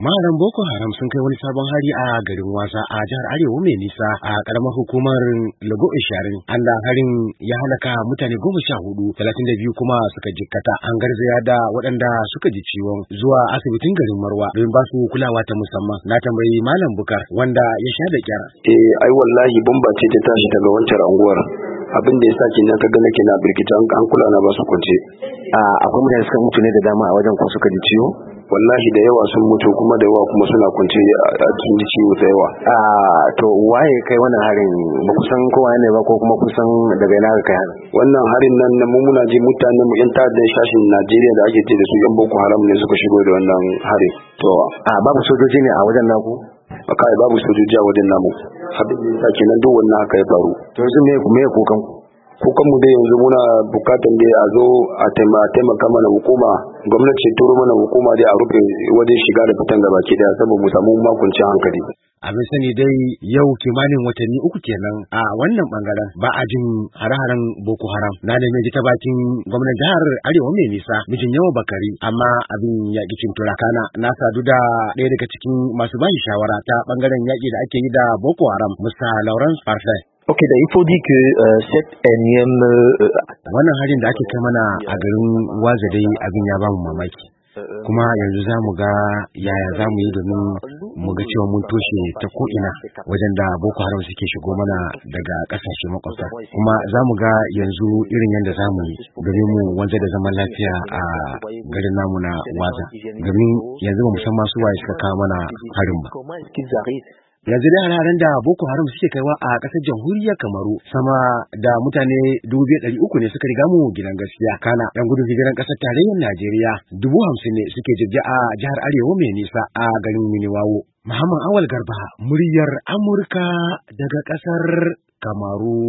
Maharan Boko Haram sun kai wani sabon hari a garin Wasa a jihar Arewa mai nisa a karamar hukumar Lago Isharin. An da harin ya halaka mutane goma sha hudu, talatin da biyu kuma suka jikkata. An garzaya da waɗanda suka ji ciwon zuwa asibitin garin Marwa don ba su kulawa ta musamman. Na tambayi Malam Bukar wanda ya sha da kyar. Eh, ai wallahi bamba ce ta tashi daga wancan anguwar. abin da ya sa kenan ka gane kenan birkita an kula na ba su kwance a ah, akwai mutane suka mutu ne da dama a wajen ko suka ji ciwo wallahi da yawa sun mutu kuma da yawa kuma suna kunce a cikin ciwo da yawa a to waye kai wannan harin ba kusan kowa ne ba ko kuma kusan daga ina ka kai harin wannan harin nan na muna ji mutanen mu yan ta'addan shashin Najeriya da ake ce da su yan boko haram ne suka shigo da wannan harin to a babu sojoji ne a wajen naku kai babu sojoji a wajen namu abin da yasa nan duk wannan haka ya faru to yanzu me me kokan ku kukan mu dai yanzu muna bukatan dai a zo a taimaka mana hukuma gwamnati turo mana hukuma dai a rufe wajen shiga da fitan gaba ke daya saboda mu samu makuncin hankali abin sani dai yau kimanin watanni uku kenan a wannan bangaren ba a jin hare-haren boko haram na da ji ta bakin gwamnan jihar arewa mai nisa mijin yawa bakari amma abin ya cin turakana na sadu da ɗaya daga cikin masu bashi shawara ta bangaren yaƙi da ake yi da boko haram musa lawrence parfait Ok, da yi di ke set eniyem... Uh, Wannan harin da ake kai mana a garin waje dai abin ya bamu mamaki. Kuma yanzu za mu ga yaya za mu yi domin mu ga cewa mun toshe ta ko'ina wajen da Boko Haram suke shigo mana daga kasashe makwabta. Kuma za mu ga yanzu irin yadda za mu yi domin mu wanzu da zaman lafiya a garin namu na waza. Domin yanzu ba mu san masu waye suka kawo mana harin ba. yanzu dai hararen da boko haram suke kaiwa a ƙasar jamhuriyar kamaru sama da mutane dubu biyu ɗari uku ne suka riga mu gidan gaskiya kana yan gudun hijiran ƙasar tarayyar najeriya dubu hamsin ne suke jirgi a jihar arewa mai nisa a garin miniwawo muhammad awal garba muryar amurka daga ƙasar kamaru